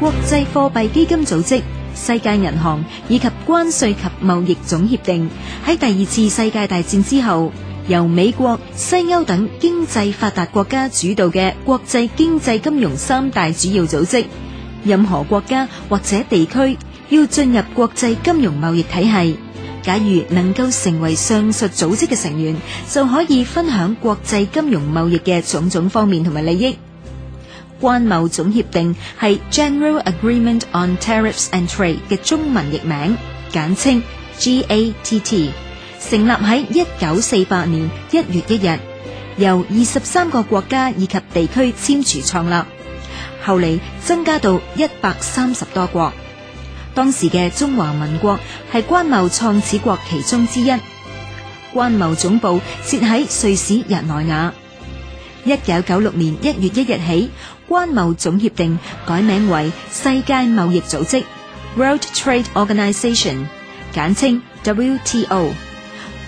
國際貨幣基金組織、世界銀行以及關稅及貿易總協定，喺第二次世界大戰之後，由美國、西歐等經濟發達國家主導嘅國際經濟金融三大主要組織。任何國家或者地區要進入國際金融貿易體系，假如能夠成為上述組織嘅成員，就可以分享國際金融貿易嘅種種方面同埋利益。關貿總協定係 General Agreement on Tariffs and Trade 嘅中文譯名，簡稱 GATT，成立喺一九四八年一月一日，由二十三個國家以及地區簽署創立，後嚟增加到一百三十多國。當時嘅中華民國係關貿創始國其中之一。關貿總部設喺瑞士日內瓦。一九九六年一月一日起，關貿總協定改名為世界貿易組織 （World Trade Organization），簡稱 WTO。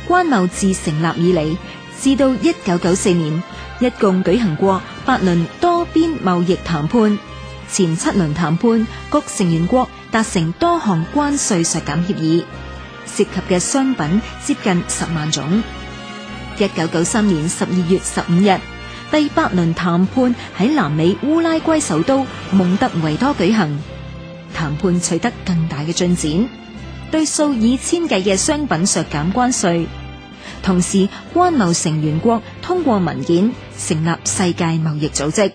關貿自成立以嚟，至到一九九四年，一共舉行過八輪多邊貿易談判，前七輪談判各成員國達成多項關稅削減協議，涉及嘅商品接近十萬種。一九九三年十二月十五日，第八輪談判喺南美烏拉圭首都蒙特維多舉行，談判取得更大嘅進展，對數以千計嘅商品削減關稅，同時關貿成員國通過文件成立世界貿易組織。